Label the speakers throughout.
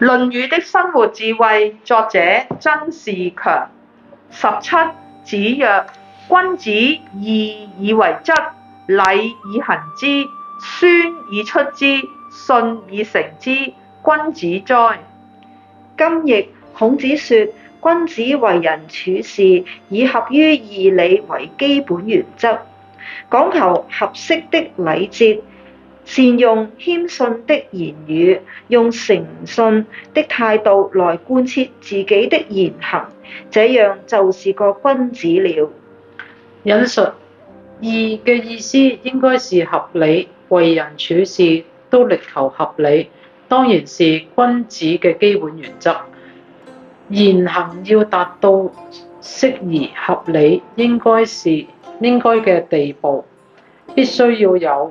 Speaker 1: 《論語》的生活智慧，作者曾仕強。十七，子曰：君子義以為質，禮以行之，孫以出之，信以成之。君子哉！今亦孔子說，君子為人處事
Speaker 2: 以合於義理為基本原則，講求合適的禮節。善用謙遜的言語，用誠信的態度來貫徹自己的言行，這樣就是個君
Speaker 3: 子了。引述，義嘅意思應該是合理，為人處事都力求合理，當然是君子嘅基本原則。言行要達到適宜合理，應該是應該嘅地步，必須要有。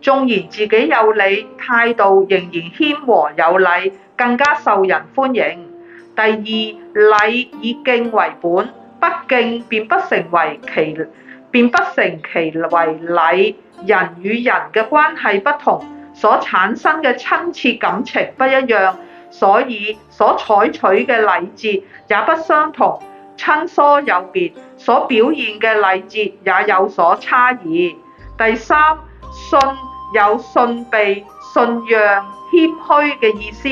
Speaker 1: 縱然自己有理，態度仍然謙和有禮，更加受人歡迎。第二，禮以敬為本，不敬便不成為其，便不成其為禮。人與人嘅關係不同，所產生嘅親切感情不一樣，所以所採取嘅禮節也不相同。親疏有別，所表現嘅禮節也有所差異。第三，信。有信被信讓、謙虛嘅意思，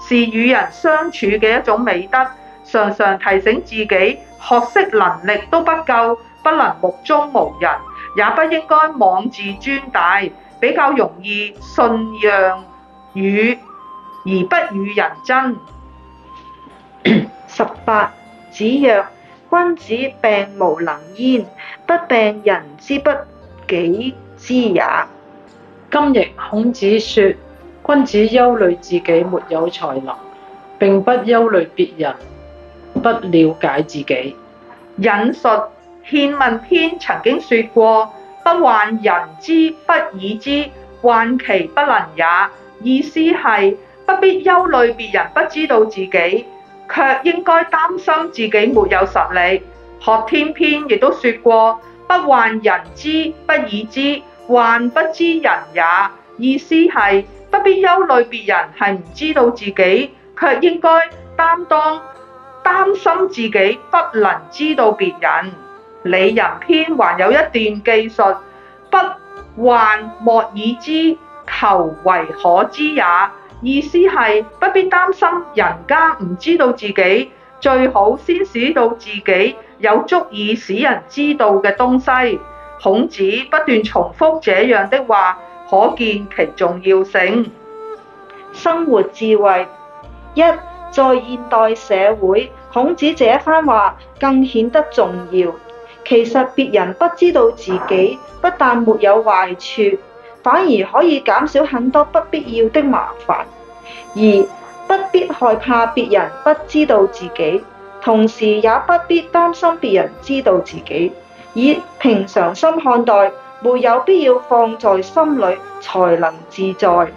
Speaker 1: 是與人相處嘅一種美德。常常提醒自己，學識能力都不夠，不能目中無人，也不應該妄自尊大。比較容易信讓與而不與人爭。十八，
Speaker 2: 子曰：指君子病無能焉，不病人之不
Speaker 3: 己知也。今日孔子說：君子憂慮自己沒有才能，並不憂慮別人不了解自己。引述《憲問篇》曾經說過：
Speaker 1: 不患人之不己知，患其不能也。意思係不必憂慮別人不知道自己，卻應該擔心自己沒有實力。《學天篇》亦都說過：不患人之不己知。患不知人也，意思係不必憂慮別人係唔知道自己，卻應該擔當擔心自己不能知道別人。《里仁篇》還有一段記述：不患莫以知，求為可知也，意思係不必擔心人家唔知道自己，最好先使到自己有足以使人知道嘅東西。孔子不斷重複這樣的話，可見其重要性。生活智慧一，在現代社會，孔子
Speaker 2: 這番話更顯得重要。其實別人不知道自己，不但沒有壞處，反而可以減少很多不必要的麻煩。二，不必害怕別人不知道自己，同時也不必擔心別人知道自己。以平常心看待，沒有必要放在心裏，才能自在。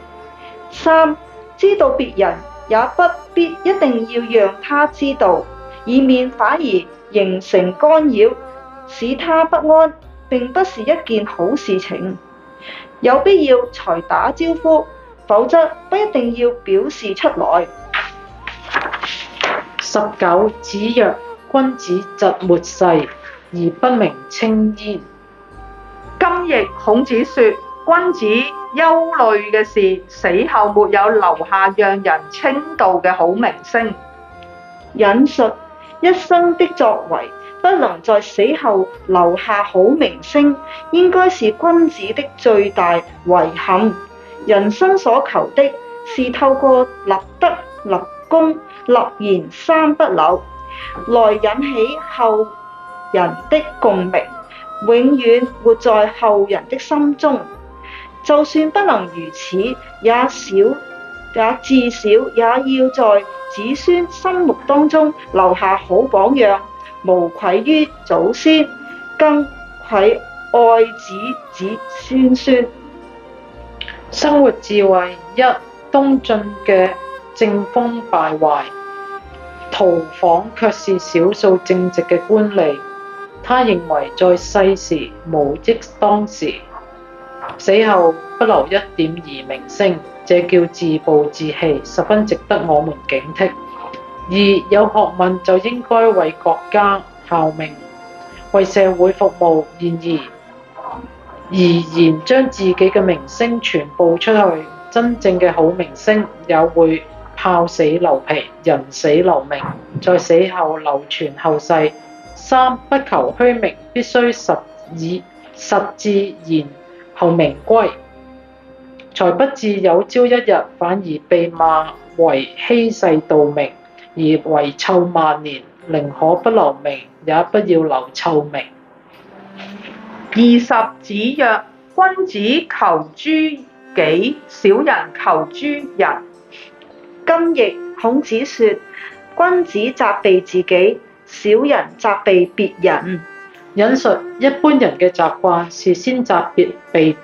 Speaker 2: 三，知道別人，也不必一定要讓他知道，以免反而形成干擾，使他不安，並不是一件好事情。有必要才打招呼，否則不一定要表示出來。
Speaker 3: 十九，子曰：君子疾沒世而名不稱焉。
Speaker 1: 今譯孔子說：君子憂慮嘅事，死後沒有留下讓人稱道嘅好名聲。引述
Speaker 2: 一生的作為，不能在死後留下好名聲，應該是君子的最大遺憾。人生所求的是，是透過立德、立功、立言三不朽，來引起後。人的共鳴永遠活在後人的心中，就算不能如此，也少也至少也要在子孫心目當中留下好榜樣，無愧於祖先，更愧愛
Speaker 3: 子子孫孫。生活智慧一：東晉嘅政風敗壞，屠仿卻是少數正直嘅官吏。他認為在世時無益當時，死後不留一點兒名聲，這叫自暴自棄，十分值得我們警惕。而有學問就應該為國家效命，為社會服務。然而，而然將自己嘅名聲傳播出去，真正嘅好名聲也會豹死留皮，人死留名，在死後流傳後世。三不求虛名，必須實以實至然後名歸，才不至有朝一日反而被罵為欺世盜名而遺臭萬年。寧可不留名，也不要留臭名。二十
Speaker 1: 子曰：君子求諸己，小人求諸人。今譯孔子說：君子責備自己。
Speaker 3: 小人責備別人。引述一般人嘅習慣，是先責備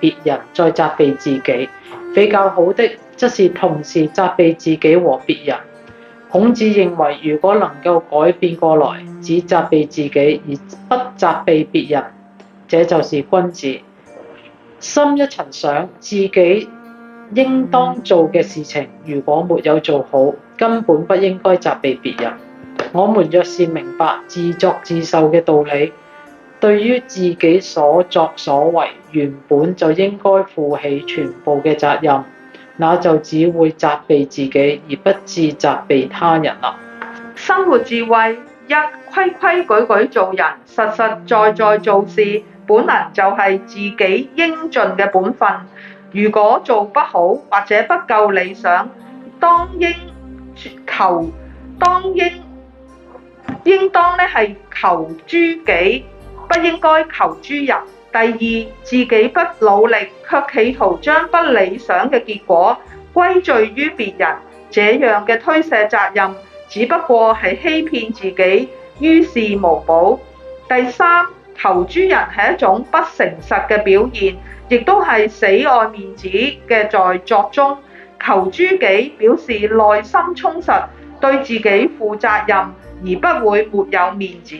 Speaker 3: 別人，再責備自己。比較好的則是同時責備自己和別人。孔子認為，如果能夠改變過來，只責備自己而不責備別人，這就是君子。深一層想，自己應當做嘅事情，如果沒有做好，根本不應該責備別人。我們若是明白自作自受嘅道理，對於自己所作所為原本就應該負起全部嘅責任，那就只會責備自己而不自責備他人啦。
Speaker 1: 生活智慧一，規規矩矩做人，實實在在做事，本來就係自己應盡嘅本分。如果做不好或者不夠理想，當應求，當應。應當咧係求諸己，不應該求諸人。第二，自己不努力，卻企圖將不理想嘅結果歸罪於別人，這樣嘅推卸責任，只不過係欺騙自己，於事無補。第三，求諸人係一種不誠實嘅表現，亦都係死愛面子嘅在作中。求諸己表示內心充實，對自己負責任。而不會沒有面子。